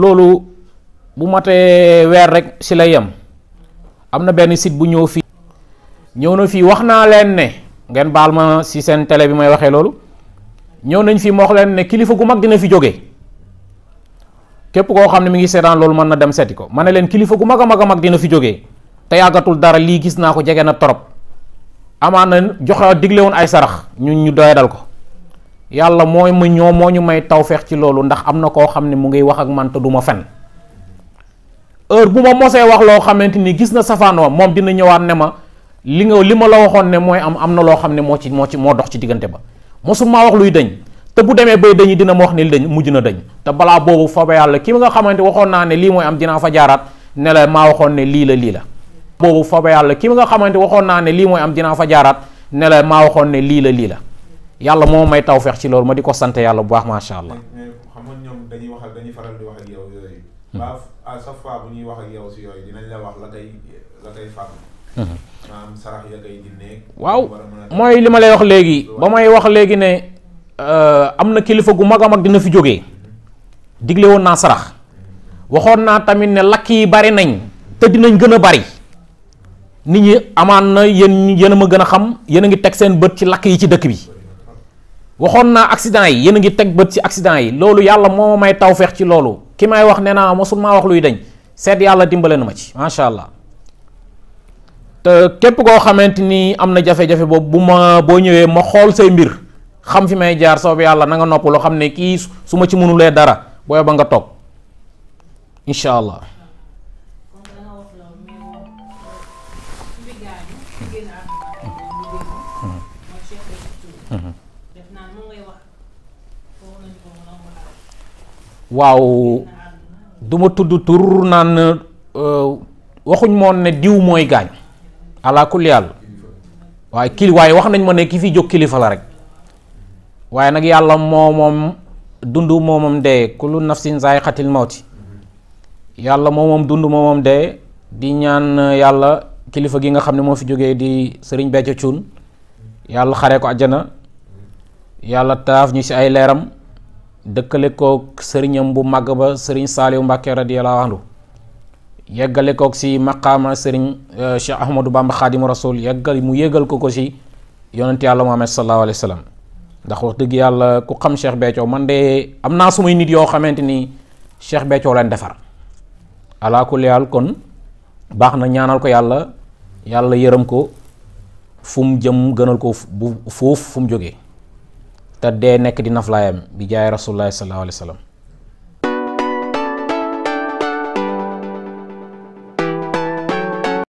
loolu bu matee weer rek si lay yem am na benn site bu ñëw fii ñëw na fii wax naa leen ne ngeen baal ma si seen tele bi may waxee loolu ñëw nañ fii moo wax leen ne kilifa gu mag dina fi jóge képp koo xam ne mu ngi seetaan loolu mën na dem seeti ko ma ne leen kilifa gu mag a mag a mag dina fi jóge te yàggatul dara lii gis naa ko jege na torop amaan jox joxe digle woon ay sarax ñun ñu doyadal ko yàlla mooy ma ñoo moo ñu may tawfeex ci loolu ndax am na koo xam ne mu ngi wax ak man te du ma fen heure bu ma mosee wax loo xamante ni gis na safaan wa moom dina ñëwaat ne ma li nga li ma la waxoon ne mooy am am na loo xam ne moo ci moo ci moo dox ci diggante ba mosuma wax luy dëñ te bu demee bay dëñ dina ma wax ne dëñ mujj na dëñ te balaa boobu fa yàlla ki nga xamante waxoon naa ne lii mooy am dinaa fa jaaraat ne la maa waxoon ne lii la lii la. boobu fa yàlla ki nga xamante waxoon naa ne lii mooy am dinaa fa jaaraat ne la maa waxoon ne lii la lii la. yàlla moom may tawfeex ci loolu ma di ko sant yàlla bu baax macha allah. xam nga ñoom dañuy wax dañuy faral di wax ak yow yooyu. Hmm. ñuy wax yow yooyu dinañ la wax la kay la hmm. waaw mooy li ma lay wax léegi ba may wax léegi ne euh, am na kilifa gu mag a dina fi jóge hmm. digle woon naa sarax waxoon naa tamit ne lakk yi bari nañ te dinañ gën a bari nit ñi amaan na yéen yéen a ma gën a xam yéen a ngi teg seen bët ci lakk yi ci dëkk bi. waxoon naa accident yi yéen a ngi teg bët si accident yi loolu yàlla moo may tawfeex ci loolu ki may wax nee naa mosul maa wax luy dañ seet yàlla dimbale na ma ci macha allah te képp koo xamante ni am na jafe-jafe boobu ma boo ñëwee ma xool say mbir xam fi may jaar soobu yàlla na nga nopp loo xam ne kii su ma ci mënulee dara booy ba nga toog incha allah. mm waaw duma tudd tur naan euh, waxuñ moon ne diw mooy gaañ ala kulli yàlla waaye kili waaye wax nañ ma ne ki fi jóg kilifa la rek waaye nag yàlla moo moom dund moomam dee kullu nafsin zaa'iqatil mawti yàlla moo moom dund moomam dee di ñaan yàlla kilifa gi nga xam ne moo fi jógee di sëriñ Béthio Thioune yàlla xaree ko àjjana yàlla taaf ñu si ay leeram dëkkale kook sëriñam bu màgg ba sëriñ Saaliw Mbàkke radiyallaahu anhu yeggale kook ci maqaama sëriñ e, Cheikh Ahmadou Bamba Xaadimu Rasuul yeggal mu yégal ko ko si yonent yàlla Muhammad sallallaahu alayhi wa sallam ndax wax dëgg yàlla ku xam Cheikh Béthio man de am naa su may nit yoo xamante ni Cheikh Béthio leen defar alaa kulli kon baax na ñaanal ko yàlla yàlla yërëm ko fu mu jëm gënal ko bu foofu jógee te dee nekk di naflaayam bi jaay rasulullahi sallallahu alayhi wa